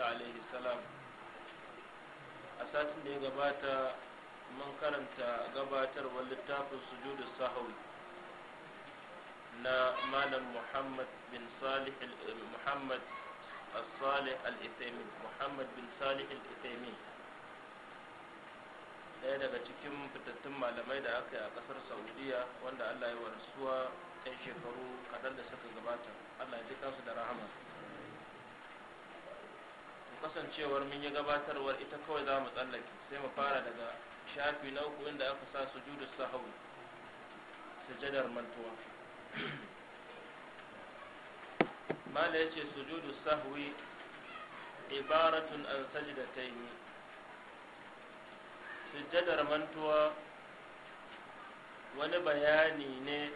isa alaihi salam a satin da ya gabata mun karanta gabatarwar littafin sujudu sahawi na malam muhammad bin salih eh, muhammad الصالح muhammad bin salih al الإثيمين ɗaya daga cikin fitattun malamai da aka yi a ƙasar saudiya wanda allah ya wa rasuwa 'yan shekaru kaɗan da suka gabata allah ya ji kansu da rahama kasancewar mun yi gabatarwar ita kawai za mu tsallake sai mu fara daga shafi na uku inda aka sa sujudu sahawi sujadar mantuwa mala ya ce sujudu sahwi ibaratun an sajdatayni sujadar mantuwa wani bayani ne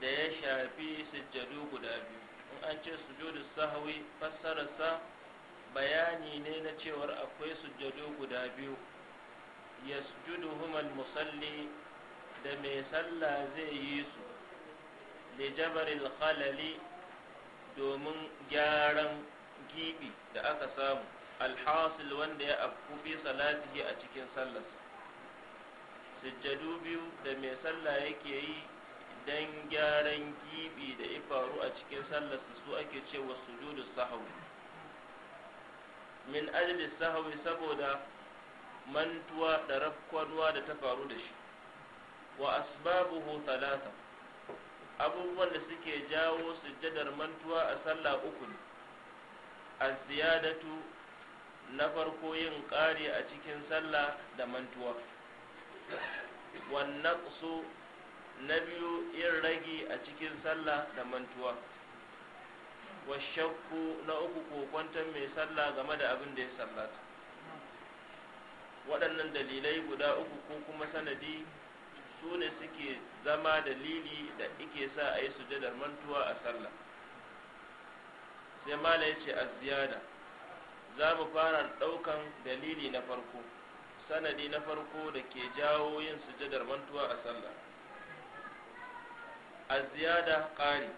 da ya shafi sujadu guda biyu in an ce sujudu sahwi fassararsa bayani ne na cewar akwai sujjadu guda biyu yasjuduhuma musalli da mai sallah zai yi su Lijabarin jabaril khalali domin gyaran gibi da aka samu alhasil wanda ya afku fi salatihi a cikin sallarsa sujjadu biyu da mai sallah yake yi dan gyaran gibi da ya faru a cikin sallar su ake cewa sujudu sahwi min ajli sahwi saboda mantuwa da rafkwaduwa da ta faru da shi wa asbabuhu talata abubuwan da suke jawo sujjadar mantuwa a sallah uku ne ziyadatu na farko yin ƙari a cikin sallah da mantuwa Wannan naqsu na biyu yin ragi a cikin sallah da mantuwa shakku na uku ko kokwanton mai sallah game da abin da ya sallata waɗannan dalilai guda uku ko kuma sanadi su ne suke zama dalili da ike sa a yi sujadar mantuwa a sallah sai mala ya ce a ziyada za mu fara ɗaukan dalili na farko sanadi na farko da ke jawo yin sujadar mantuwa a sallah الزيادة قال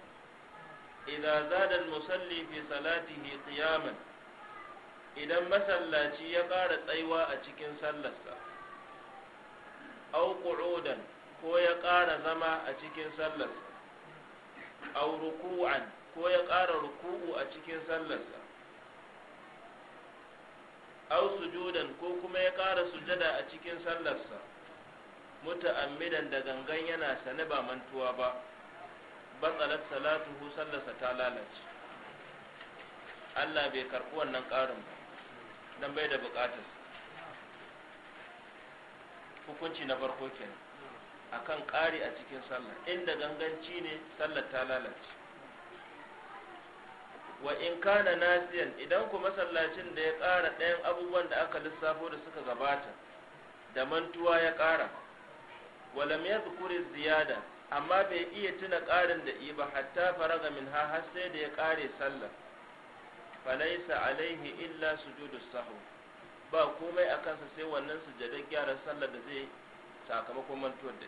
إذا زاد المصلي في صلاته قياما إذا مسلاتي يقال تأيوى أتكين سلسة أو قعودا ko ya ƙara zama a cikin sallarsa au ruku'an ko ya ƙara ruku'u a cikin sallarsa au sujudan ko kuma ya ƙara sujada a cikin sallarsa muta'ammidan da gangan yana sane ba mantuwa ba batsalar salatuhu sallarsa ta lalace Allah bai karɓi wannan ƙarin ba dan bai da buƙatar hukunci na farko kenan akan ƙari a cikin sallah inda ganganci ne sallar ta lalace wa in kana nasiyan idan ku masallacin da ya ƙara ɗayan abubuwan da aka lissafo da suka gabata da mantuwa ya ƙara walam ya ziyada amma bai iya tuna ƙarin da ba hatta faraga min ha har sai da ya ƙare sallah falaisa alaihi illa sujudu sahu ba komai a kansa sai wannan sujadar gyaran sallah da zai sakamakon mantuwar da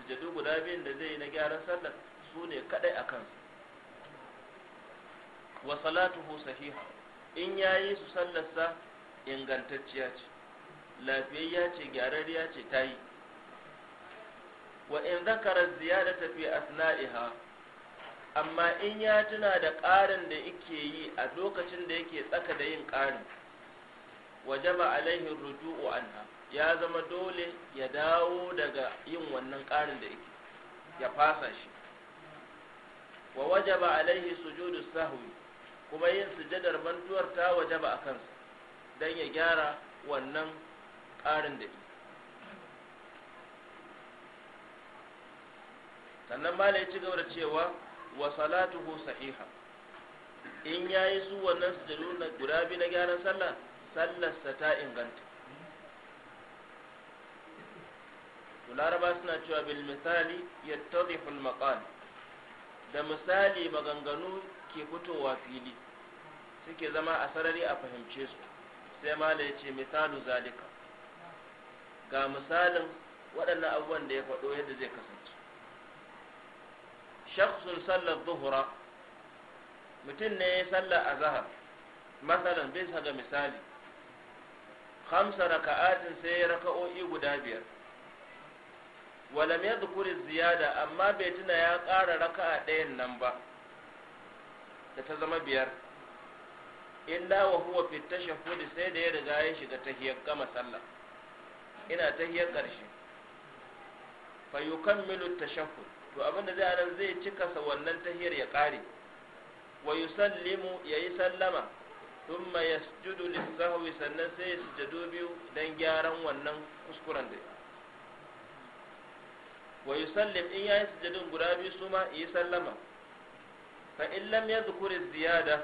sujadu guda biyun da zai na gyaran sallah su ne kadai a kansa wa salatuhu sahiha in yayi su sallarsa ingantacciya ce lafiyayya ce gyararriya ce ta yi wa in zakara ziyadata fi asna'iha amma in ya tuna da ƙarin da yake yi a lokacin da yake tsaka da yin ƙarin wajaba alaihi ruju'u anha ya zama dole ya dawo daga yin wannan ƙarin da yake ya fasa shi wa wajaba alaihi sujudu sahwi kuma yin sujadar bantuwar ta wajaba a kansa don ya gyara wannan ƙarin da yake sannan mala ya ci gaba da cewa wa salatuhu sahiha in yayi su wannan da na guda biyu na gyaran sallah sallarsa ta inganta laraba suna cewa bil misali yattadhihu al maqal da misali maganganu ke fitowa fili suke zama a sarari a fahimce su sai malai ya ce misalu zalika ga misalin waɗannan abubuwan da ya faɗo yadda zai kasance shakhsun sallar zuhura mutum ne ya yi sallah sallar azhar masalan bisa ga misali khamsa raka'atin sai ya raka'o'i guda biyar walam yadhkuri ziyada amma bai tuna ya ƙara raka'a ɗayan nan ba da ta zama biyar illa wa huwa fi tashahhud sai da ya riga ya shiga tahiyyar gama sallah ina tahiyyar ƙarshe fa yukammilu tashahhud to abinda zai nan zai cika sa wannan tahiyar ya kare wa yusallimu yayi sallama thumma yasjudu lis-sahwi sannan sai ya sujudu biyu dan gyaran wannan kuskuren da wa yusallim in yayi sujudun guda biyu su ma yi sallama fa in lam yadhkuri ziyada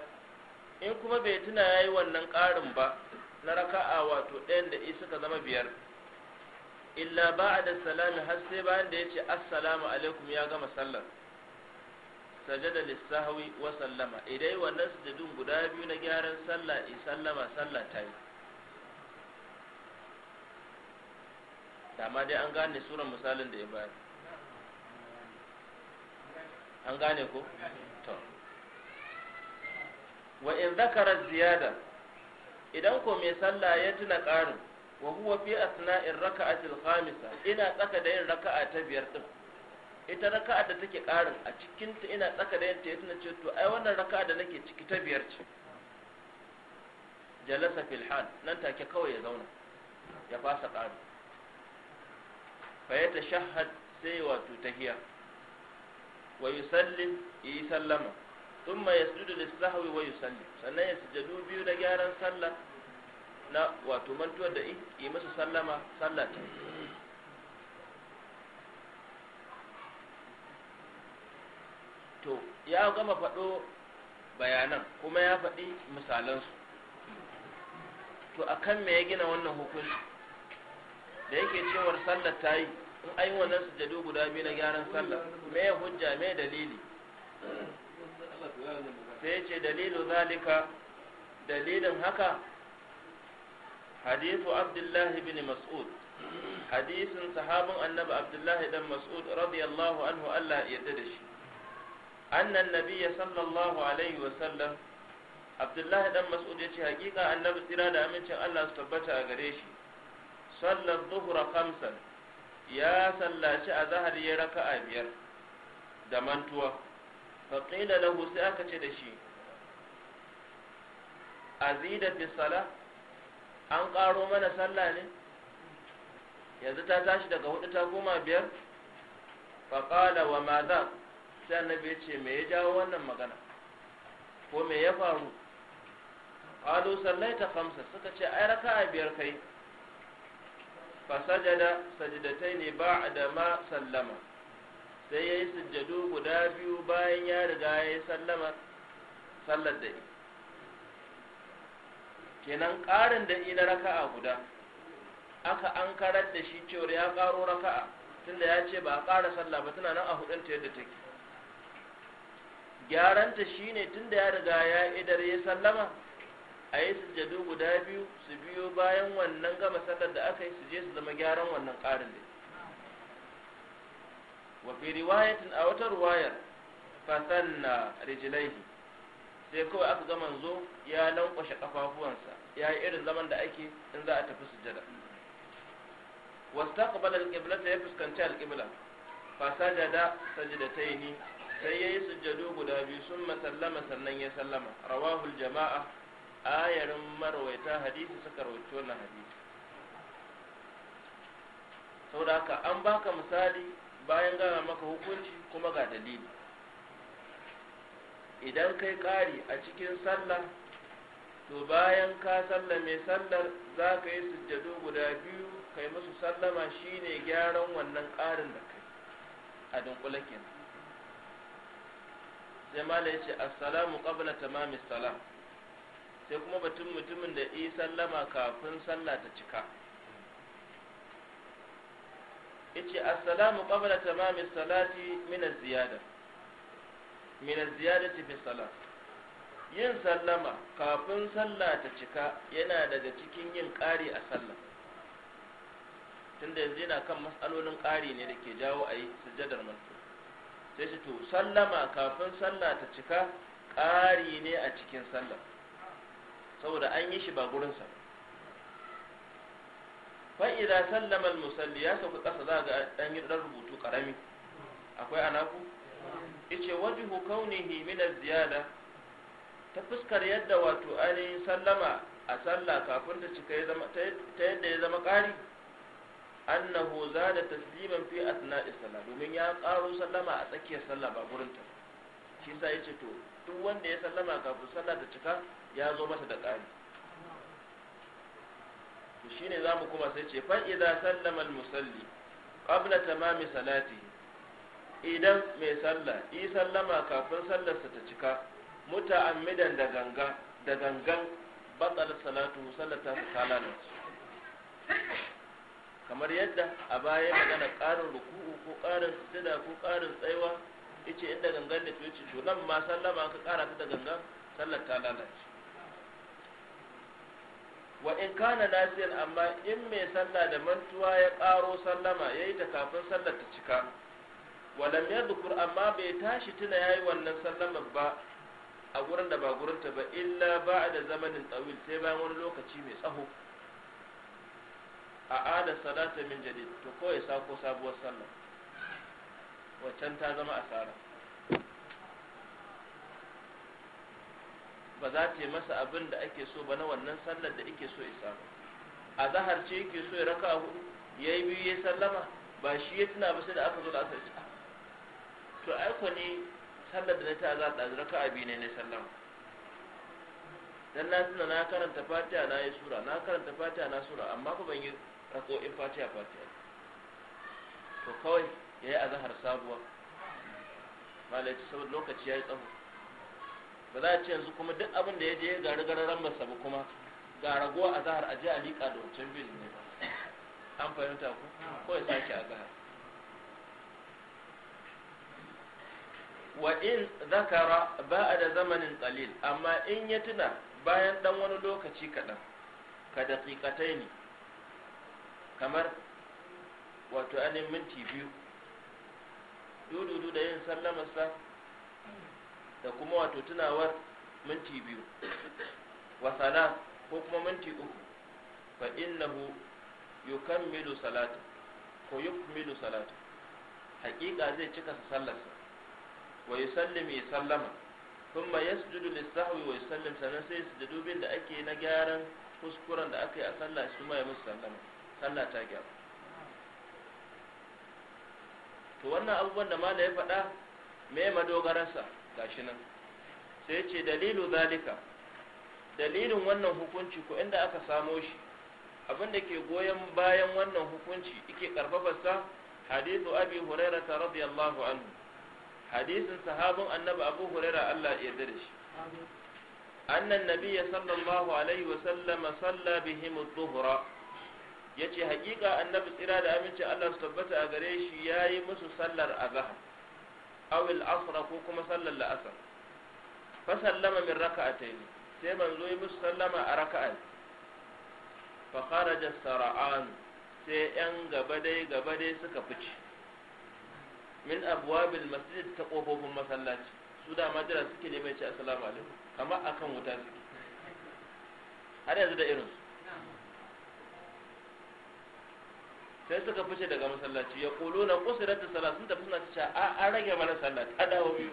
in kuma bai tuna yayi wannan karin ba na raka'a wato ɗayan da isa zama biyar illa ba'da salami har sai bayan da yace assalamu alaikum ya gama sallar sajada lisahwi wa sallama idai wannan sujudun guda biyu na gyaran sallah i sallama sallah ta yi dama dai an gane suran misalin da ya bayar an gane ko to wa in zakara ziyada idan ko mai sallah ya tuna karin وهو في fi asna'ir raka'atil khamisa ina tsaka da yin raka'a ta biyar ita raka'a da take ƙarin a cikin ta ina tsaka da yin yana ce to ai wannan raka'a da nake ciki ta biyar ce jalasa fil hal nan take kawai ya zauna ya fasa karin fa ya tashahhad sai wato tahiyya wa yusallim yi sallama thumma yasjudu lis-sahwi wa yusallim sannan ya sujudu biyu da gyaran sallah na wato mantuwar da yi masa sallama sallah ta to ya gama faɗo bayanan kuma ya faɗi misalansu to akan me ya gina wannan hukunci da yake cewar sallar ta yi in ayi wannan sujadu guda biyu na gyaran sallar me ya hujja me dalili sai ce dalilu zalika dalilin haka حديث عبد الله بن مسعود حديث صحاب النبي عبد الله بن مسعود رضي الله عنه ألا يدرش أن النبي صلى الله عليه وسلم عبد الله بن مسعود يتي حقيقة النبي ترى دا أمين الله استبتع غريشي صلى الظهر خمسا يا صلى شاء ظهر يركع بير دمنتوا فقيل له سأكت دشي أزيدت الصلاة an ƙaro mana sallah ne yanzu ta tashi daga hudu ta goma biyar faƙala wa maza sai annabi ce me ya jawo wannan magana ko me ya faru ƙalo sallai ta famsa suka ce ai raka a biyar kai sajada sajidatai ne ba da ma sallama sai ya yi sujjadu guda biyu bayan ya riga ya yi sallama sallar da ita kenan ƙarin da ina raka'a guda aka ankarar da shi cewar ya ƙaro raka'a tunda ya ce ba a ƙara sallah ba tana nan a hudunta yadda take gyaranta shine tunda ya riga ya idar ya sallama a yi sujjadu guda biyu su biyo bayan wannan gama sallar da aka yi su je su zama gyaran wannan ƙarin da wa fi riwayatin a wata ruwayar fasanna rijlaihi sai kawai aka gama zo ya lankwashe kafafuwansa ya yi irin zaman da ake in za a tafi sujada wastaqbala alqiblata ya fuskanci alqibla fa sajada sajdataini sai yayi sujjadu guda biyu summa sallama sannan ya sallama rawahu aljamaa ayarin marwaita hadisi suka rawaito wannan hadisi saboda haka an baka misali bayan gana maka hukunci kuma ga dalili idan kai ƙari a cikin sallah to bayan ka sallame sallar za ka yi sujjadu guda biyu kai musu sallama shine gyaran wannan ƙarin da kai a dunkule kenan sai mala yace assalamu qabla tamami salam sai kuma batun mutumin da yi sallama kafin sallah ta cika yace assalamu qabla tamami salati min ziyada min ziyadati fi salat yin sallama kafin sallah ta cika yana daga cikin yin ƙari a sallah tunda yanzu yana kan matsalolin ƙari ne da ke jawo a yi sujjadar mutum sai shi to sallama kafin sallah ta cika ƙari ne a cikin sallah saboda an yi shi ba gurinsa fa'ida sallama musalli ya sauka ƙasa za ga ɗan yi ɗan rubutu ƙarami akwai anaku ice wajihu kaunihi min ziyada ta fuskar yadda wato ainihin sallama a sallah kafin ta cika ta yadda ya zama ƙari annahu za da tasliman fi asna'is sallah domin ya ƙaro sallama a tsakiyar sallah ba gurin ta shi sa yace to duk wanda ya sallama kafin sallah ta cika ya zo masa da ƙari to shine zamu kuma sai ce fa idza sallama al-musalli qabla tamami salati idan mai sallah yi sallama kafin sallarsa ta cika muta'ammidan da gangan da gangan batsal salatu sallata salala kamar yadda a baya magana ƙarin ruku'u ko ƙarin sujada ko ƙarin tsaiwa yace inda gangan da tuci to nan ma sallama ka ƙara ta da gangan sallar ta lalace wa in kana nasiyan amma in mai sallah da mantuwa ya ƙaro sallama yayi ta kafin sallar ta cika lam yadhkur amma bai tashi tuna yayi wannan sallamar ba a gurin da ba gurin ta ba illa ba da zamanin tsawil sai bayan wani lokaci mai tsaho a ada salata min jadid to kawai sako sabuwar sallah waccan ta zama asara ba za ta yi masa abin da ake so ba na wannan sallar da ake so isa ba a zahar ce yake so ya raka a hudu ya yi biyu ya sallama ba shi ya tuna ba sai da aka zo da aka ah. to aiko ne sallar da na ta za ta raka abi ne na sallama dan na tuna na karanta fatiha na yi sura na karanta fatiha na sura amma ku ban yi in fatiha fatiha to kawai ya yi a zahar sabuwa malaci saboda lokaci ya yi tsawo ba za a ce yanzu kuma duk abin da ya je gari-gari masa ba kuma ga ragowa zahar a je a liƙa da wancan bin ne ba an fahimta ku kawai sake zahar wa in zakara ba da zamanin qalil amma in ya tuna bayan dan wani lokaci kaɗan ka daƙiƙatai ne kamar wato anin minti biyu dududu da yin sallamarsa da kuma wato tunawar minti biyu wasala ko kuma minti uku fa innahu yukammilu salatu ko yukmilu salatu haƙiƙa zai cika sallarsa wa yusallim ya sallama kuma yasjudu lisahwi wa yusallim sannan sai da ake na gyaran kuskuren da aka yi a sallah shi ma ya musu sallama sallah ta gyara to wannan abubuwan da mala ya faɗa me sa gashi nan sai ya ce dalilu zalika dalilin wannan hukunci ko inda aka samo shi abinda ke goyon bayan wannan hukunci yake karfafarsa hadithu abi hurairah radiyallahu anhu hadisin sahabin annabi abu huraira Allah ya yarda da shi annan nabiyya sallallahu alaihi wa sallama salla bihim adh-dhuhra yace haƙiƙa annabi tsira da aminci Allah su tabbata a gare shi yayi musu sallar azhar aw al-asr ko kuma sallar al-asr fa sallama min rak'atayn sai manzo yi musu sallama a raka'a fa kharaja sara'an sai yan gaba dai gaba dai suka fice min abwabil masjid ta kofofin masallaci su da majira suke ne mai ce assalamu alaikum amma akan wuta suke har yanzu da irinsu sai suka fice daga masallaci ya kulo na kusurar da sallah sun tafi suna cewa a an rage mana sallah ta dawo biyu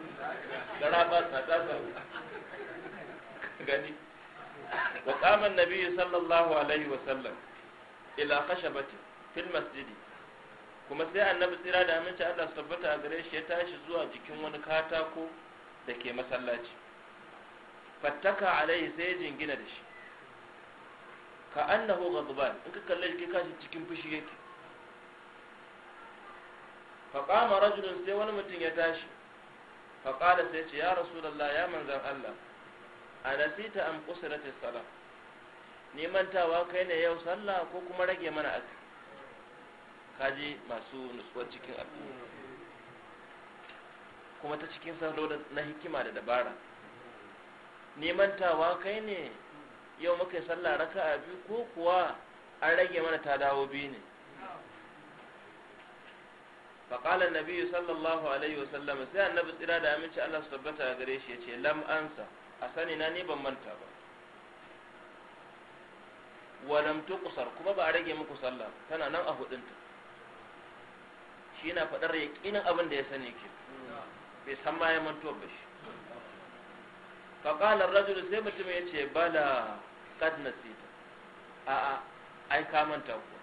gara ta tsasa gani wa qaman nabiyyu sallallahu alaihi wa sallam ila khashabati fil masjidi kuma sai annabi tsira da aminci Allah Sabbata tabbata gare shi ya tashi zuwa jikin wani katako da ke masallaci fattaka alaihi sai jingina da shi ka annahu ghadban in ka kalle shi kashi cikin fushi yake fa kama rajulun sai wani mutum ya tashi fa sai ce ya rasu ya manzan Allah anasita am qusirat as-salah nemantawa kai ne yau sallah ko kuma rage mana azumi kaji masu nutsuwar cikin addini kuma ta cikin salo na hikima da dabara nemantawa kai ne yau muka yi sallah raka a biyu ko kuwa an rage mana ta dawo biyu ne faƙalar Nabiyu, sallallahu alaihi wasallam sai annabi tsira da aminci allah su tabbata a gare shi ya ce lam a sani na ne ban manta ba walam tuqsar kuma ba a rage muku sallah tana nan a hudunta shi yana faɗar yaƙinin abin da ya sani ke bai san ma ya manto ba shi faƙalar rajulu sai mutum ya ce bala kad nasita a a ai ka manta kuwa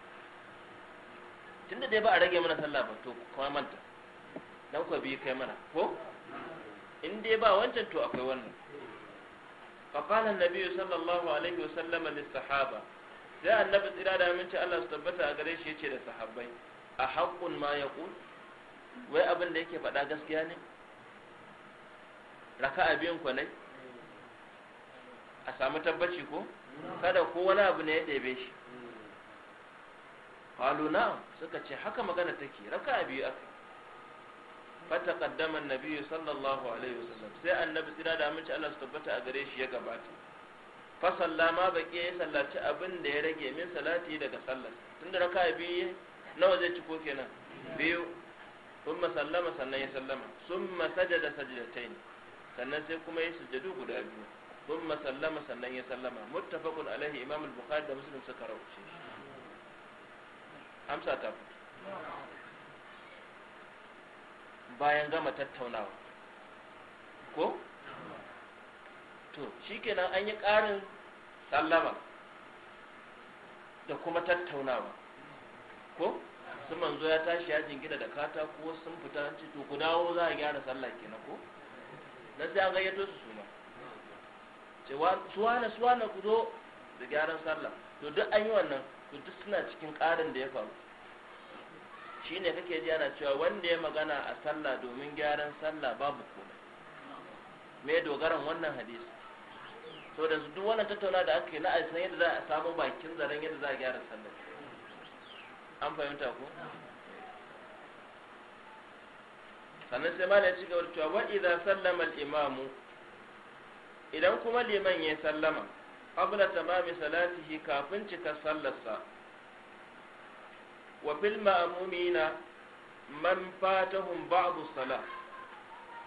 tunda dai ba a rage mana sallah ba to kuma manta dan ku bi kai mana ko in dai ba wancan to akwai wannan فقال النبي صلى الله عليه وسلم للصحابة sai annabi tsira da aminci Allah su tabbata a gare shi yace da sahabbai a haƙƙun ma ya ƙun wai abin da yake faɗa gaskiya ne raka a biyun kwanai a samu tabbaci ko kada ko wani abu ne ya ɗebe shi qalu suka ce haka magana take raka a biyu aka fata na biyu, sallallahu alaihi wasallam sai annabi tsira da aminci Allah su tabbata a gare shi ya gabata Fasalla ma baƙi ya sallaci abin da ya rage min salati daga sallar tunda raka a biyu nawa zai ci ko kenan biyu sun sallama sannan ya sallama sun da sajdatain sannan sai kuma ya sujjadu guda biyu sun sallama sannan ya sallama muttafaqun alaihi imam al-bukhari da muslim suka rawuce amsa ta bayan gama tattaunawa ko to shikenan an yi ƙarin sallama da kuma tattaunawa ko sun manzo ya tashi ya jingina da katako ko sun fita an ce to ku dawo za a gyara sallah kenan ko na sai an gayyato su suma ce suwana suwana ku zo da gyaran sallah to duk an yi wannan to duk suna cikin ƙarin da ya faru shi ne kake ji ana cewa wanda ya magana a sallah domin gyaran sallah babu komai me dogaran wannan hadisi saboda duk wannan tattauna da aka yi na a san yadda za a samu bakin zaren yadda za a gyara sallah an fahimta ko sannan sai malam ya ci gaba da cewa wa idza sallama al-imamu idan kuma liman ya sallama qabla tamami salatihi kafin cika sallarsa wa fil ma'mumina man fatahum ba'du salah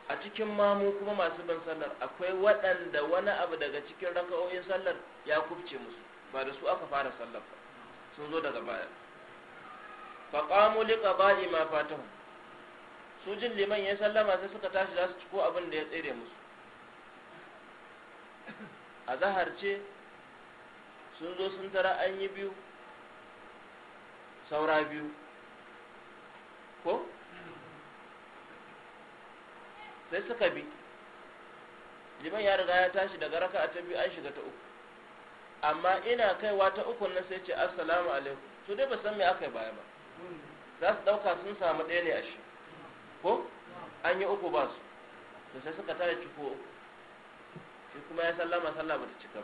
a cikin mamu kuma masu ban sallar akwai waɗanda wani abu daga cikin raka'o'in sallar ya kufce musu ba da su aka fara sallar sun zo daga baya faƙamu liƙa li qada'i ma fatahu su jin liman ya sallama sai suka tashi za su ciko abin da ya tsere musu a zaharce ce sun zo sun tara an yi biyu saura biyu ko sai suka bi liman ya riga ya tashi daga raka a ta biyu an shiga ta uku amma ina kaiwa ta uku nan sai ce assalamu alaikum su dai ba san me aka yi baya ba za su ɗauka sun samu ɗaya ne a shi ko an yi uku ba su to sai suka tare ciko shi kuma ya sallama sallama ta cika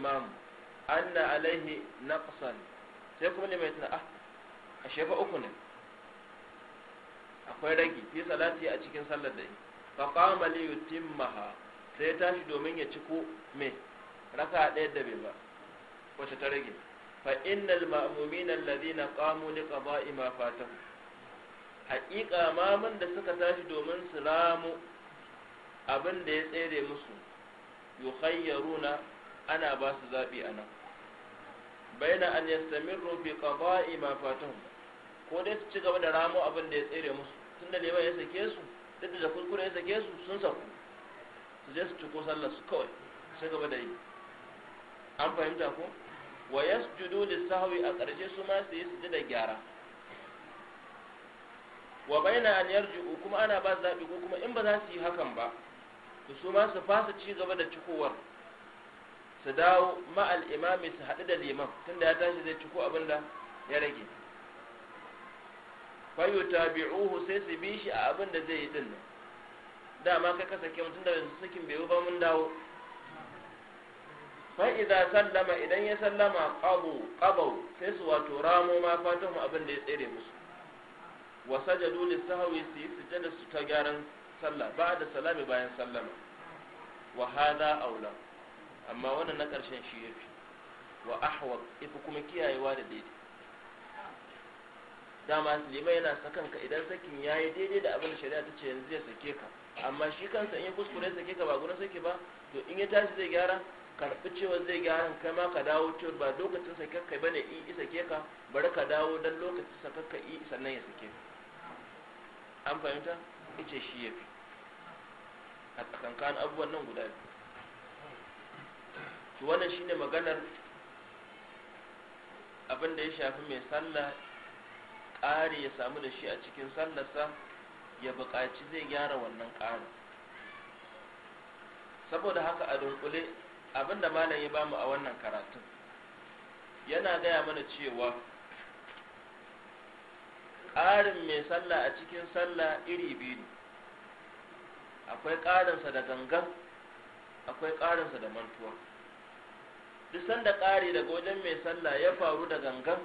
ba An na alaihi na kusan sai kuma limai لما a ah, shefa uku ne. akwai ragi fi salati a cikin sallar da yi fa qama li maha. sai tashi domin ya ciko me raka ɗaya da bai ba wacce ta rage fa innal ma'mumina alladhina qamu li ma fatahu haƙiƙa mamun da suka tashi domin su ramu abin da ya tsere musu yukhayyaruna ana ba su zabi anan baina an yastamirru fi qada'i ma fatahu ko dai su ci gaba da ramo abin da ya tsere musu tunda ba ya sake su duk da kurkure ya sake su sun saku su je su ciko sallar su kawai su gaba da yi an fahimta ko wa yasjudu lisahwi a ƙarshe su ma su yi su da gyara wa baina an yarji'u kuma ana ba su zaɓi ko kuma in ba za su yi hakan ba to su ma su fasa ci gaba da cikowar su dawo ma'al al'imami su haɗu da liman tunda ya tashi zai ciko abin da ya rage fayu bi'uhu sai su bi shi a abin da zai yi din nan dama kai kasa kyan tunda yanzu sakin bai ba mun dawo fa'iza sallama idan ya sallama ƙabo ƙabau sai su wato ramo ma fatahu abin da ya tsere musu wa sajadu li sahawi su yi sujada su ta gyaran sallah ba da salami bayan sallama wa hada aula amma wannan na karshen shi yafi wa ahwa ifi kuma kiyayewa da daidai dama limai yana sakan ka idan sakin yayi daidai da abin shari'a ta ce yanzu ya sake ka amma shi kansa in ya kuskure sake ka ba gurin sake ba to in ya tashi zai gyara karɓi cewa zai gyara kai ma ka dawo cewa ba lokacin sakakka ba ne in isa ke ka bari ka dawo don lokacin sakakka i sannan ya sake an fahimta ce shi ya fi a tsakankan abubuwan nan guda biyu to wannan shine maganar abin da ya shafi mai sallah ƙari ya samu da shi a cikin sallarsa ya buƙaci zai gyara wannan ƙarin saboda haka a dunkule abinda malam ya bamu a wannan karatun yana gaya mana cewa ƙarin mai sallah a cikin sallah iri biyu ne akwai ƙarinsa da gangan akwai ƙarinsa da mantuwa duk sanda ƙari daga wajen mai sallah ya faru da gangan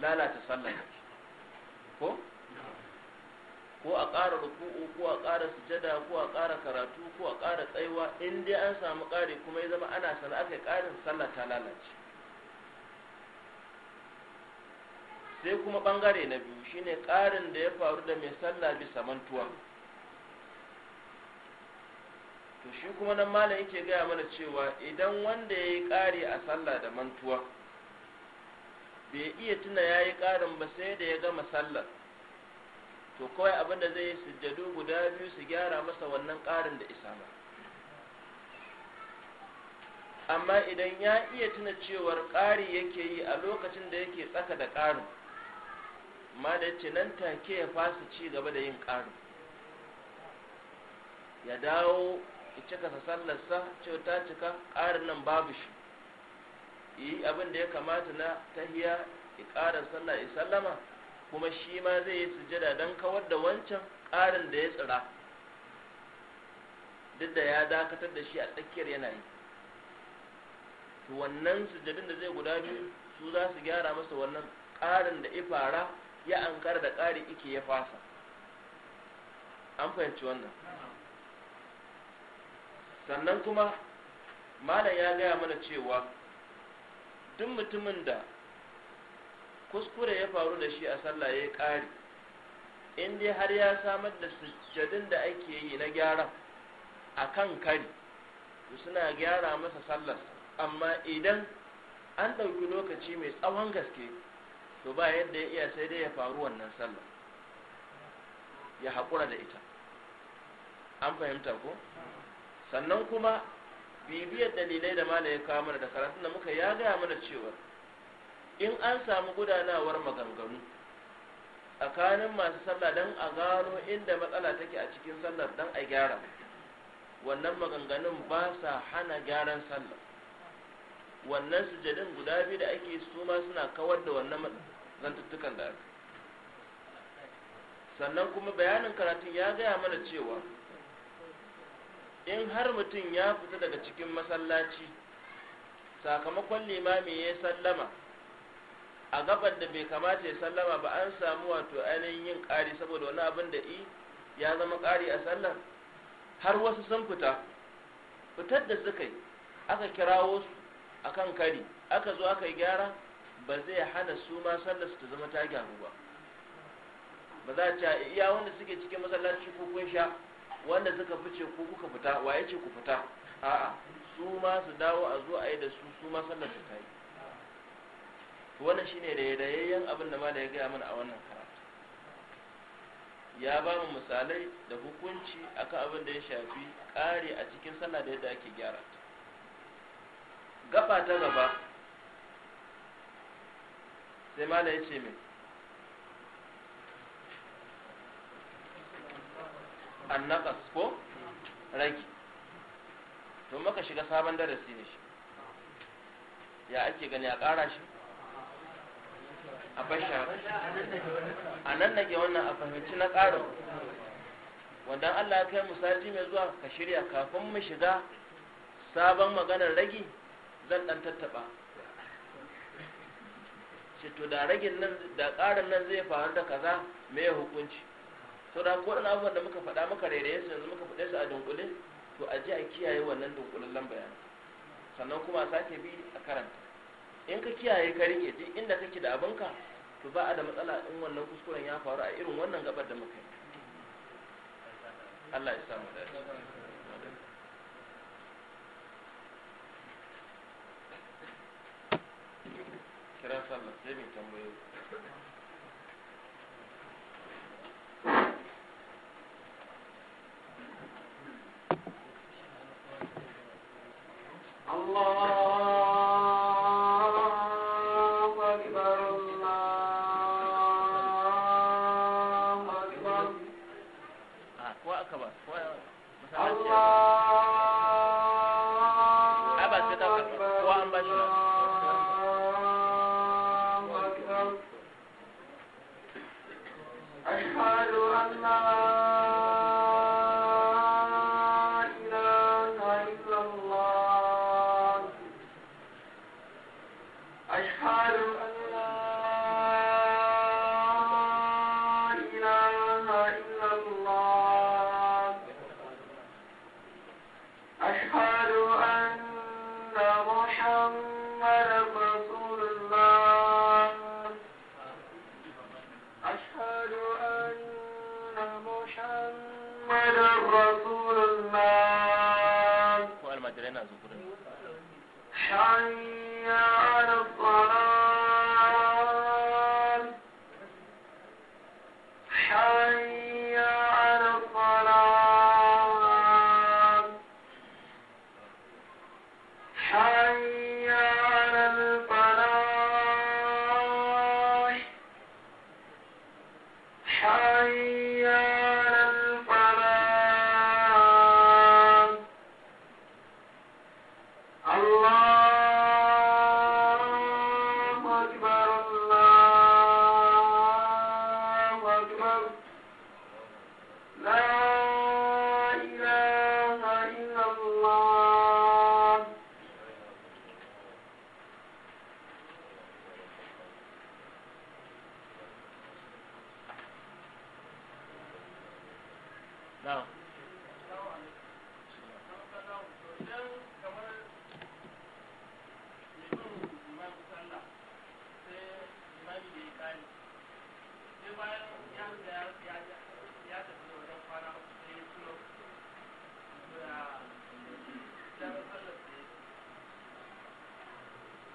lalata sallah ko ko a ƙara ruku'u ko a ƙara sujada ko a ƙara karatu ko a ƙara tsaiwa in dai an samu ƙari kuma ya zama ana sana aka ƙarin sallah ta lalace sai kuma ɓangare na biyu shine ƙarin da ya faru da mai sallah bisa mantuwa to shi kuma nan malam yake gaya mana cewa idan wanda ya yi ƙari a sallah da mantuwa bai iya tuna ya yi ƙarin ba sai da ya gama sallah. to kawai abin da zai yi sujjadu guda biyu su gyara masa wannan ƙarin da isa ba amma idan ya iya tuna cewar ƙari yake yi a lokacin da yake tsaka da ƙarin ma da yace nan take ya fasa ci gaba da yin ƙarin ya dawo ya cika sa sallarsa cewa ta cika ƙarin nan babu shi yi abin da ya kamata na tahiya ya ƙara sallar isallama kuma shi ma zai yi sujada don kawar da wancan ƙarin da ya tsira duk da ya dakatar da shi a tsakiyar yanayi to wannan sujadin da zai guda biyu su za su gyara masa wannan ƙarin da ya fara ya ankara da ƙari ike ya fasa an fahimci wannan sannan kuma malam ya gaya mana cewa duk mutumin da kuskure ya faru da shi a sallah ya ƙari in dai har ya samar da sujjadin da ake yi na gyara a kan kari suna gyara masa sallar amma idan an ɗauki lokaci mai tsawon gaske to ba yadda ya iya sai dai ya faru wannan sallar ya haƙura da ita an fahimta ko sannan kuma bibiyar dalilai da mala ya kawo mana da karatun da muka ya gaya mana cewa in an samu gudanawar maganganu tsakanin masu sallah don a gano inda matsala take a cikin sallar don a gyara wannan maganganun ba sa hana gyaran sallah wannan sujadin guda biyu da ake su ma suna kawar da wannan zantuttukan da aka sannan kuma bayanin karatun ya gaya mana cewa in har mutum ya fita daga cikin masallaci sakamakon limami ya sallama a gaban da bai kamata ya sallama ba an samu wato ainihin yin ƙari saboda wani abin da i ya zama ƙari a sallar har wasu sun fita fitar da suka yi aka kirawo su a kan kari aka zo aka yi gyara ba zai hana su ma sallar su ta zama ta gyaru ba ba za a ce iya wanda suke cikin masallaci ko kun sha wanda suka fice ko kuka fita waye ce ku fita a'a su ma su dawo a zo a yi da su su ma sallar su ta yi to wannan shine rairayayyen abin da da ya gaya mana a wannan karatu ya ba mu misalai da hukunci akan abin da ya shafi kare a cikin sallah da yadda ake gyara ta gaba ta gaba sai mala ya ce mai annakas ko rage to maka shiga sabon darasi ne shi ya ake gani a ƙara shi a basha a nan nake wannan a fahimci na ƙarin wanda Allah ya kai mu sati mai zuwa ka shirya kafin mu shiga sabon maganar ragi zan ɗan tattaba ce to da ragin nan da ƙarin nan zai faru da kaza mai hukunci to da ko na abubuwan da muka faɗa muka rairaye su yanzu muka faɗe su a dunkule to a ji a kiyaye wannan dunkulin bayanin sannan kuma a sake bi a karanta in ka kiyaye ka rike duk inda kake da abinka to ba a da matsala in wannan kuskuren ya faru a irin wannan gabar da muka yi Allah ya samu da Allah murder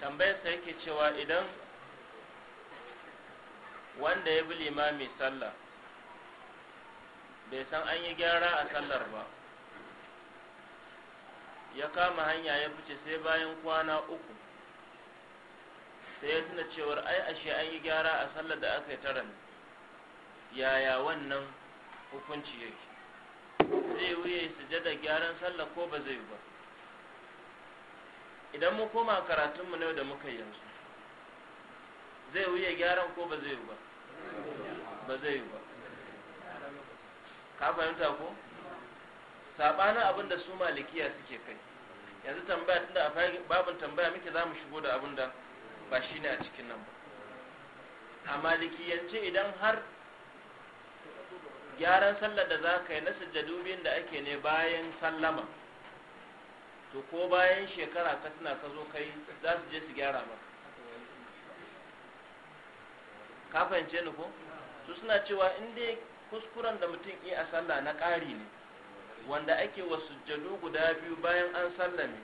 tambayar sa yake cewa idan wanda ya bi limami sallah bai san an yi gyara a sallar ba ya kama hanya ya fice sai bayan kwana uku sai ya tuna cewar ai ashe an yi gyara a sallar da aka yi tara ne yaya wannan hukunci yake zai wuye sujada gyaran sallah ko ba zai ba idan mu koma karatunmu na yau da muka yanzu zai wuye gyaran ko ba zai ba ba zai ba ka fahimta ko sabana abin da su malikiya suke kai yanzu tambaya tunda a babin tambaya muke za mu shigo da abin da ba shine a cikin nan ba a malikiyance idan har gyaran sallar da za ka yi na sujjadu biyun da ake ne bayan sallama to ko bayan shekara ka tuna ka zo kai za su je su gyara ba. ka ni ko su suna cewa in dai kuskuren da mutum iya a sallah na ƙari ne wanda ake wa sujjadu guda biyu bayan an ne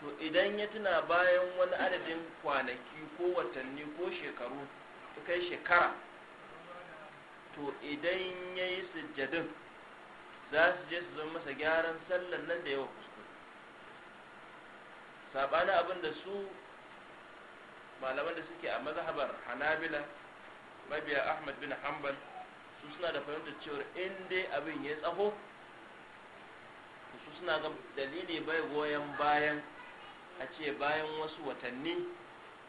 to idan ya tuna bayan wani adadin kwanaki ko watanni ko shekaru kai shekara to idan ya yi sujjadin za su je su zama masa gyaran sallan nan da yawa kuskure saɓanin abin da su malaman da suke a mazhabar hanabila mabiya ahmad bin hanbal su suna da fahimtar cewar in dai abin ya tsaho su suna ga dalili bai goyon bayan a ce bayan wasu watanni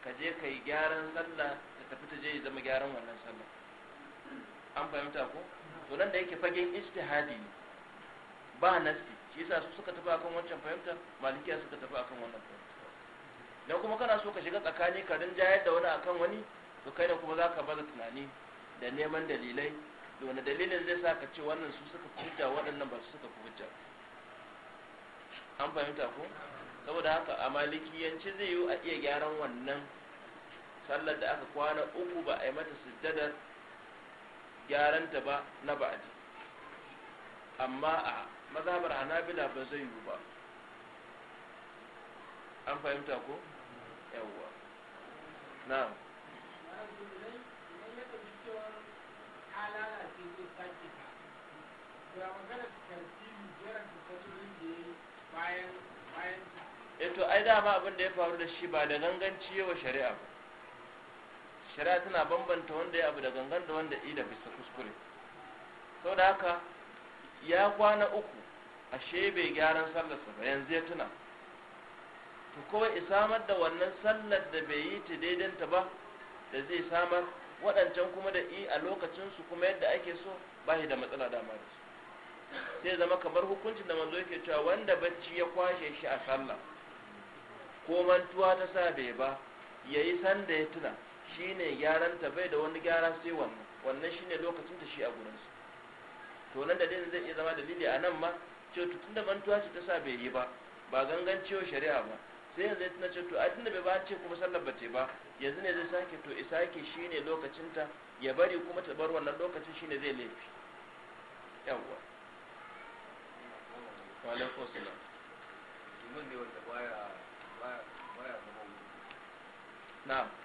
ka je ka yi gyaran sallah da tafi ta je zama gyaran wannan sallah an fahimta ko to nan da yake fagen ijtihadi ba nasti shi yasa su suka tafi akan wancan fahimta malikiya suka tafi akan wannan fahimta dan kuma kana so ka shiga tsakani ka jayar da wani akan wani to kai da kuma zaka bada tunani da neman dalilai da wani dalilin zai sa ka ce wannan su suka hujja waɗannan ba su suka hujja an fahimta ko saboda haka a malikiyanci zai yi a iya gyaran wannan sallar da aka kwana uku ba a yi mata sujjadar yaranta ba na ba'adi amma a mazhabar hanabila ba zai yiwu ba an fahimta ko yawwa na eto eh ai dama abin da ya faru da shi ba da ganganci yawa shari'a ba shari'a tana bambanta wanda ya abu da gangan da wanda i da bisa. kuskure sau da haka ya kwana uku a bai gyaran sallarsa ba yanzu ya tuna to kawai samar da wannan sallar da bai yi ta daidanta ba da zai samar waɗancan kuma da i a lokacinsu kuma yadda ake so ba shi da matsala dama da su sai zama kamar hukuncin da manzo yake cewa wanda bacci ya kwashe shi a sallah ko mantuwa ta sa bai ba yayi yi sanda ya tuna shine gyaran ta bai da wani gyara sai wannan wannan ne lokacin ta shi a gurin su to nan da zai iya zama dalili a nan ma ce to da mantuwa ce ta sa bai yi ba ba gangan ciwo shari'a ba sai yanzu ya tuna ce to a tunda bai ba ce kuma sallar ba ce ba yanzu ne zai sake to isake ne lokacin ta ya bari kuma ta bar wannan lokacin shi ne zai laifi yawwa alaikum domin wanda baya baya baya zama na'am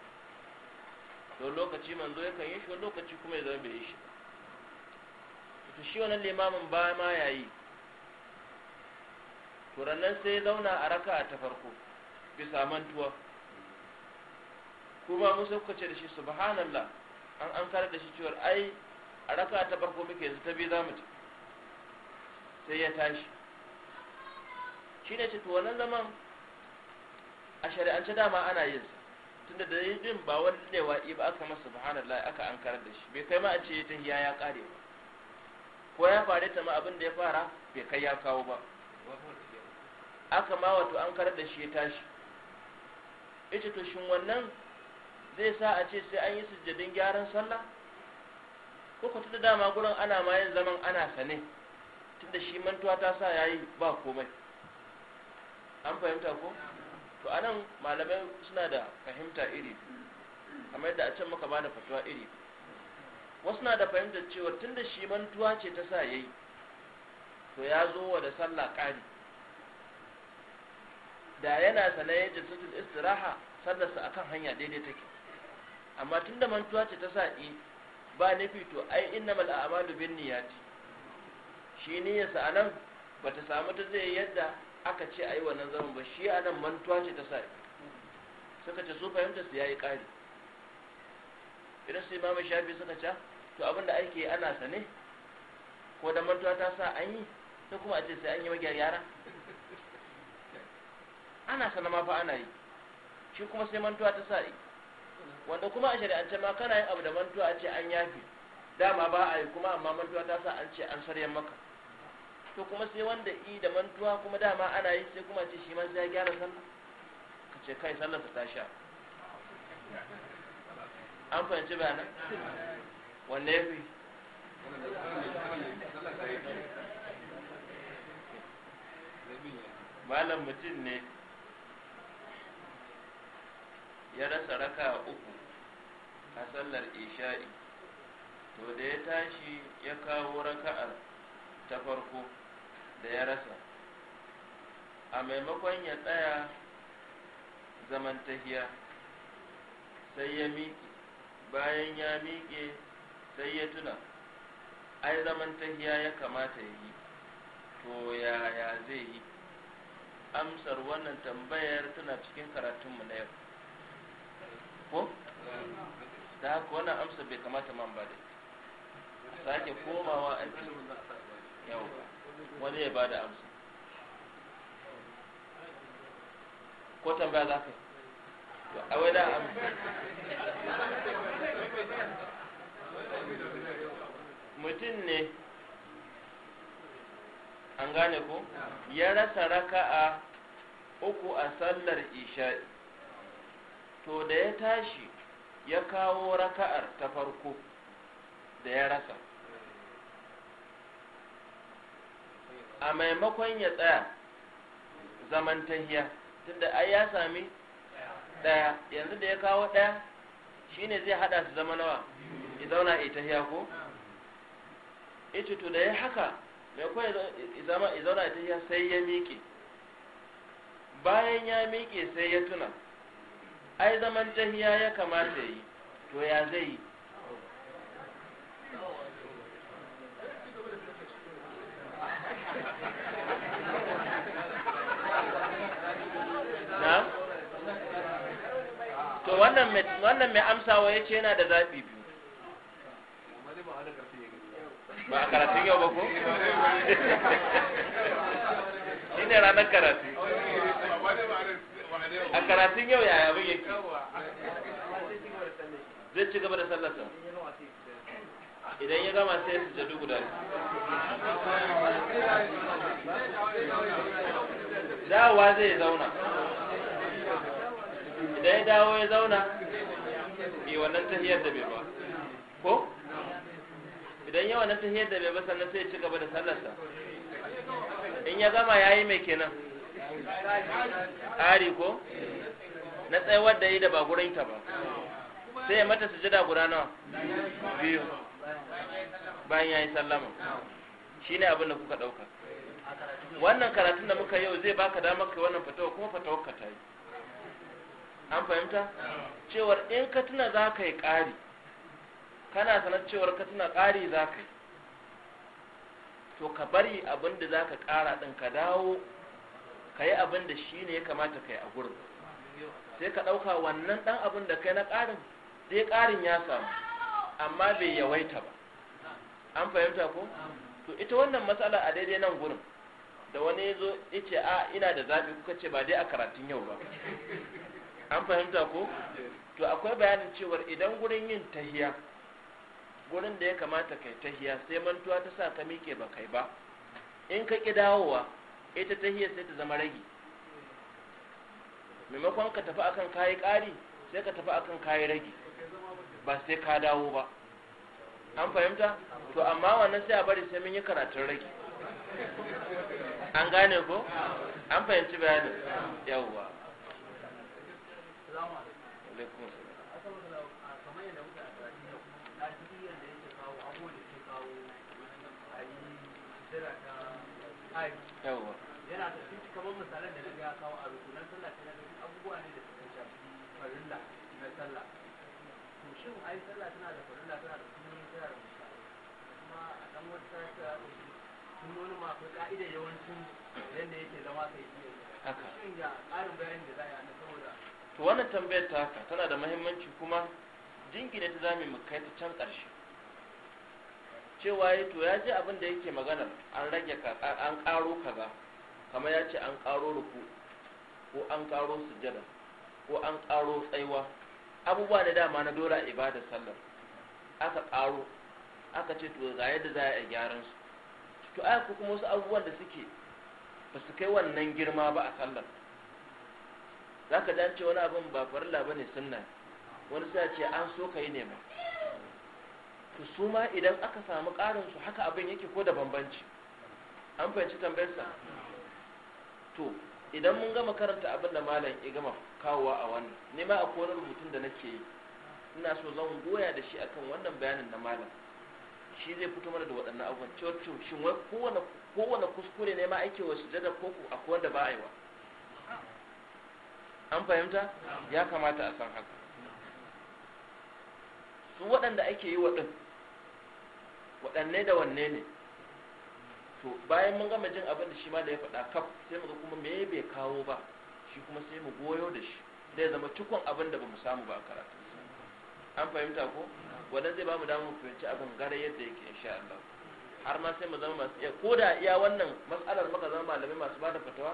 don lokaci manzo yakan yi shi wani lokaci kuma ya zama bai yi shi to shi wannan limamin ba ma yayi to sai ya zauna a raka ta farko bisa mantuwa kuma musa kuka ce da shi subhanallah an an kare da shi cewar ai a raka ta farko muke yanzu ta biyu za mu ci sai ya tashi shi ne ce to wannan zaman a shari'ance dama ana yin sa tunda da yi din ba wani dadewa ba aka masa subhanallah aka ankara da shi bai kai ma a ce ta tahiya ya kare ba ko ya fare ta ma abin da ya fara bai kai ya kawo ba aka ma wato ankara da shi ya tashi yace to shin wannan zai sa a ce sai an yi sujjadin gyaran sallah ko ku tunda dama gurin ana ma yin zaman ana sane tunda shi mantuwa ta sa yayi ba komai an fahimta ko to anan malamai suna da fahimta iri kamar yadda a can maka da fatuwa iri wasu na da fahimtar cewa tun da shi mantuwa ce ta sa yayi to ya zo wa da sallah ƙari da yana sanaye jinsatul istiraha sallarsa akan hanya daidai take amma tun da mantuwa ce ta sa yi ba nufi to ai mal a'malu bin niyyati shi niyyarsa anan bata samu ta zai yadda aka ce a yi wannan zaman ba shi adam nan mantuwa ce ta sa'i suka ce su fahimta su ya yi ƙari idan su imamu shafi suka ce to abin da ake ana sane ko da mantuwa ta sa an yi sai kuma a ce sai an yi magiyar yara ana sana ma fa ana yi shi kuma sai mantuwa ta sa yi. wanda kuma a shari'ance ma kana yin abu da mantuwa a ce an yafi dama ba a yi kuma amma mantuwa ta sa an ce an saryan maka to kuma sai wanda i da mantuwa kuma dama ana yi sai kuma ce shi ma sai ya gyara sallah ka ce kai sallarsa ta sha an fahimci na wanne ya fi malam mutum ne ya rasa raka uku a sallar isha'i to da ya tashi ya kawo raka'ar ta farko da ya rasa a maimakon ya tsaya zamantahiya sai ya miƙe bayan ya miƙe sai ya tuna ai zamantahiya ya kamata ya yi to yaya zai yi amsar wannan tambayar tana cikin karatunmu na yau ko? da haka wannan amsar bai kamata man ba da sake komawa an yau wani ya ba da amsa ko tambaya za ka yi a wai da mutum ne an gane ko ya rasa raka'a uku a sallar isha'i to da ya tashi ya kawo raka'ar ta farko da ya rasa a maimakon ya tsaya zamantahiya tunda ai ya sami ɗaya yanzu da ya kawo ɗaya shine zai hada su zama nawa ya zauna a tahiya ko ita to da ya haka maimakon ya zauna a tahiya sai ya miƙe bayan ya miƙe sai ya tuna ai zaman tahiya ya kamata yi to ya zai yi wannan mai amsawa ya ce yana da zaɓi biyu ba a karatun yau ba ko? shi ne ranar karatu a karatun yau yaya abin yake zai ci gaba da sallasa idan ya gama sai su jadu guda dawowa zai zauna da ya dawo ya zauna bai wannan tahiyar da bai ba ko idan yawa na tahiyar da bai ba sannan sai ya ci gaba da sallarsa in ya gama ya yi mai kenan ƙari ko na tsayawar da yi da ba ta ba sai ya mata sujada guda nawa biyu bayan ya yi sallama shi ne abin da kuka ɗauka wannan karatun da muka yau zai baka damar kai wannan fatawa kuma fatawar ka ta yi an fahimta cewar in ka tuna za ka yi ƙari kana sanar cewar ka tuna ƙari za ka yi to ka bari abin da za ka ƙara ɗin ka dawo ka yi abin da shi ne ya kamata ka yi a gurin sai ka ɗauka wannan ɗan abin da kai na ƙarin dai ƙarin ya samu amma bai yawaita ba an fahimta ko to ita wannan matsala a daidai nan gurin da wani ya zo ya ce a ina da zaɓi kuka ce ba dai a karatun yau ba an fahimta ko to akwai bayanin cewar idan gurin yin tahiya gurin da ya kamata kai tahiya sai mantuwa ta sa ka miƙe ba kai ba in ka ƙi dawowa ita tahiya sai ta zama ragi maimakon ka tafi akan kayi ƙari sai ka tafi akan kayi ragi ba sai ka dawo ba an fahimta to amma wannan sai a bari sai mun yi karatun ragi an gane ko an fahimci bayanin yawwa kamar yadda muka a da yake da na a zama da to wannan tambayar ta haka tana da mahimmanci kuma jingine ta zame mu kai ta can ƙarshe cewa ya eh to ya ji abin da yake magana an rage an ƙaro kaza kamar ya ce an ƙaro ruku ko an ƙaro sujada, ko an ƙaro tsaiwa abubuwa da dama na dora ibada sallar aka ƙaro aka ce to ga yadda za a gyaran su to aka kuma wasu abubuwan da suke ba su kai wannan girma ba a sallar za ka dan ce wani abin ba farilla ba ne sunna wani sai ce an so ka yi ne ba to su ma idan aka samu ƙarin su haka abin yake ko da bambanci an fahimci tambayarsa to idan mun gama karanta abin da malam ya gama kawowa a wannan ne ma akwai wani rubutun da nake yi ina so zan goya da shi akan wannan bayanin na malam shi zai fito mana da waɗannan abubuwan cewa shin wai kowane kuskure ne ma ake wa sujada koko akwai wanda ba a yi wa an fahimta ya kamata a san haka su waɗanda ake yi waɗin waɗanne da wanne ne to bayan mun gama jin abin da shi ma da ya faɗa kaf sai mu ga kuma me bai kawo ba shi kuma sai mu goyo da shi zai zama cikon abin da bamu samu ba a karatu an fahimta ko wannan zai bamu damar fahimci abin gara yadda yake insha Allah har ma sai mu zama masu iya ko da iya wannan mas'alar maka zama malamai masu bada fatawa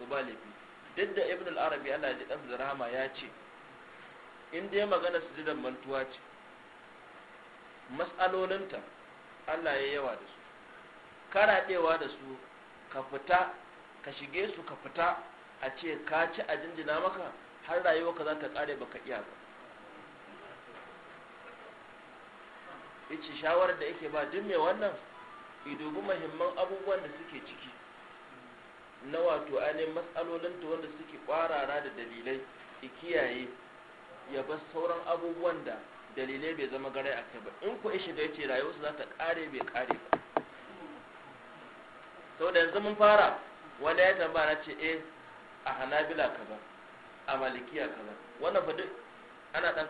to ba laifi duk da ibn al-arabi Allah ya ji dan ya ce in dai magana su sujudan mantuwa ce mas'alolinta Allah ya yawa da su karaɗewa da su ka fita ka shige su ka fita a ce ka ci a jinjina maka har rayuwa ka za ta kare baka iya ba yace shawarar da yake ba duk mai wannan idobi muhimman abubuwan da suke ciki na wato ainihin ta wanda suke kwarara da dalilai ki kiyaye ya bar sauran abubuwan da dalilai bai zama gare a kai ba in ku ishe ya ce rayuwarsu za ta kare bai kare ba sau da yanzu mun fara wanda ya tambaya na ce eh a hanabila kaza a malikiya kaza wannan fa duk ana dan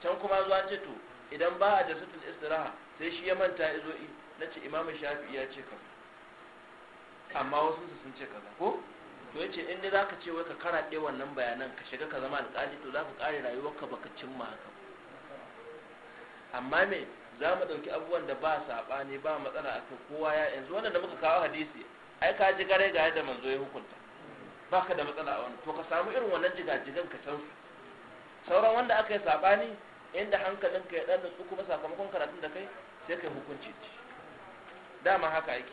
can kuma zuwa ce to idan ba a jasatul istiraha sai shi ya manta ya zo na ce imamu shafi'i ya ce kaza amma wasu sun ce kaza ko to yace in dai zaka ce wai ka karaɗe wannan bayanan ka shiga ka zama alƙali to zaka ƙare rayuwarka baka cimma haka amma me za mu ɗauki abubuwan da ba saɓani ba matsala a kai kowa ya yanzu wannan da muka kawo hadisi ai ka ji gare ga yadda manzo ya hukunta baka da matsala a wannan to ka samu irin wannan jigajigan ka san sauran wanda aka yi saɓani inda hankalinka ya ɗan nutsu kuma sakamakon karatun da kai sai kai hukunci dama haka yake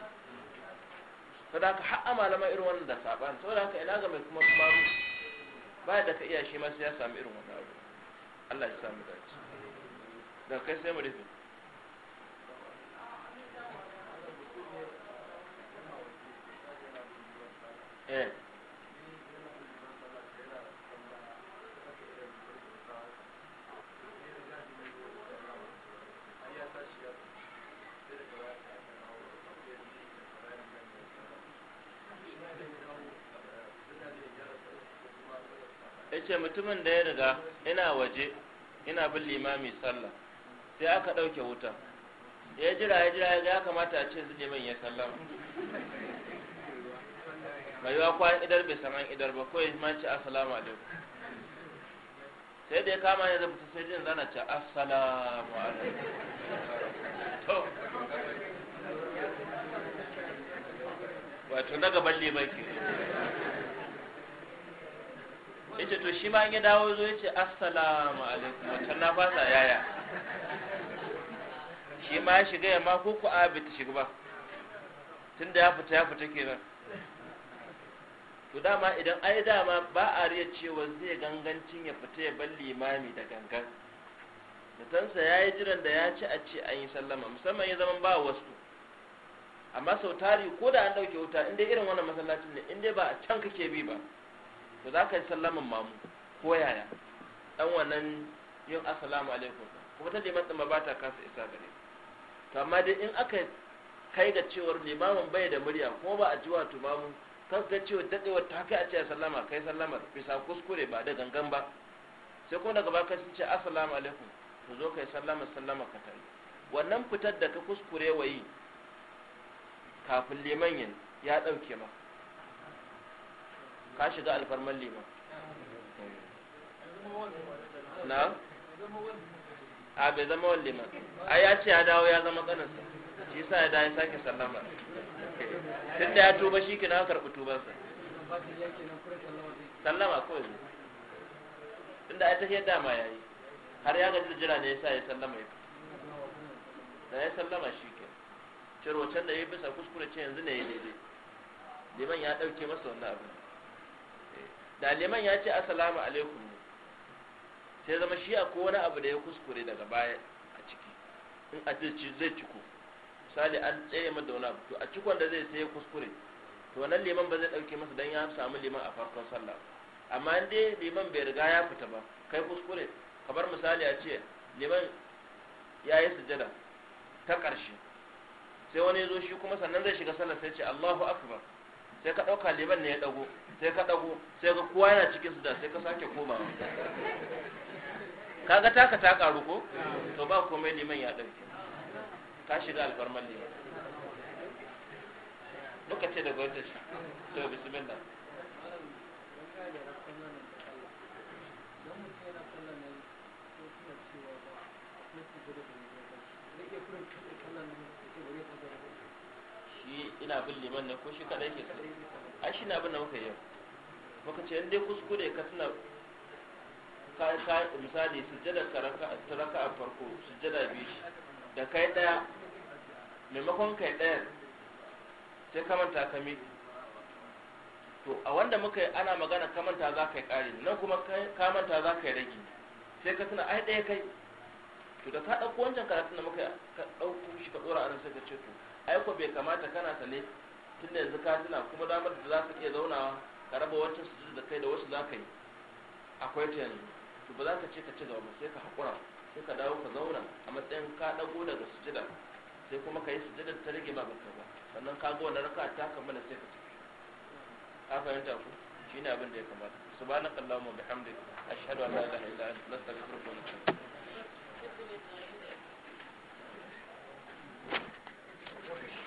saboda ka har malama irin wannan da saban saboda haka ina ga mai kuma maru ba da ka iya shi masu ya samu irin wannan abu Allah ya samu dace da kai sai mu rufe eh yace mutumin da ya riga ina waje ina bin limami sallah sai aka ɗauke wuta ya jira ya jira ya kamata a ce zuje man ya sallama mai yiwa kwayan idar bai san an idar ba kawai ma ce assalamu alaikum sai da ya kama ya zafi sai jin zana ce assalamu alaikum wato na gaban liman ke yace to shi ma ya dawo zo yace assalamu alaikum wancan na fasa yaya shi ma ya shiga yamma ko ku a bi ta shiga ba tunda ya fita ya fita kenan to dama idan ai dama ba a riya cewa zai gangancin ya fita ya bar limami da gangan mutansa ya yi jiran da ya ci a ce an yi sallama musamman ya zama ba wasu amma sau tari ko da an ɗauke wuta inda irin wannan masallacin ne inda ba a can kake bi ba to za ka yi sallaman mamu ko yaya dan wannan yin assalamu alaikum kuma ta liman ba ta kasa isa gare to amma dai in aka kai ga cewar limamin bai da murya kuma ba a ji wato mamu kan ga cewa dadewar ta kai a ce sallama kai sallamar bisa kuskure ba da gangan ba sai kuma daga baka sun ce assalamu alaikum to zo kai sallama sallama ka tare wannan fitar da ka kuskure wayi kafin liman yin ya dauke maka ka shiga alfarman liman na a bai zama wani liman a ya ce ya dawo ya zama kaninsa shi sa ya dawo ya sake sallama tun da ya tuba shi kina karɓi tubansa sallama ko yanzu tunda ta tafiyar dama ya yi har ya gaji da jira ne ya sa ya sallama ya da ya sallama shi ke can da ya bisa kuskure ce yanzu ne ya daidai liman ya ɗauke masa wannan abin da liman ya ce assalamu alaikum ne sai zama shi akwai wani abu da ya kuskure daga baya a ciki in a ce zai ciko misali an tsaye mata wani abu to a cikon da zai sai ya kuskure to wannan liman ba zai dauke masa dan ya samu liman a farkon sallah amma in dai liman bai riga ya fita ba kai kuskure kamar misali a ce liman ya yi sujada ta karshe sai wani ya zo shi kuma sannan zai shiga sallah sai ce Allahu akbar sai ka ɗauka liman ne ya dago sai ka ɗago sai ka kowa yana cikin su da sai ka sake komawa ga taka ta karu ko to ba komai liman ya ɗauke ka shiga alfarman liman lokaci ce da gwamnati to bismillah ina bin liman ne ko shi kada ke sai ai shi na bin nan muka yau maka ce dai kuskure ka tuna ka misali sujjada karaka ta a farko sujjada biyu da kai daya maimakon kai daya sai ka manta ka mi to a wanda muka yi ana magana ka manta za ka yi kare nan kuma ka manta za ka yi rage sai ka tuna ai daya kai to da ka ɗauko wancan karatun da muka ɗauko shi ka ɗora a nan sai ka ce to aiko bai kamata kana sane tun da yanzu ka tuna kuma damar da za ka iya zaunawa ka raba wancan su da kai da wasu za ka yi akwai ta yanzu to ba za ka ce ka ci gaba sai ka haƙura sai ka dawo ka zauna a matsayin ka ɗago daga sujida sai kuma ka yi sujida ta rage ma baka ba sannan ka ga wannan raka ta kammala sai ka ci ka fahimta ku shine abin da ya kamata subhanakallahumma bihamdika ashhadu an la ilaha illa anta astaghfiruka wa atubu Thank you.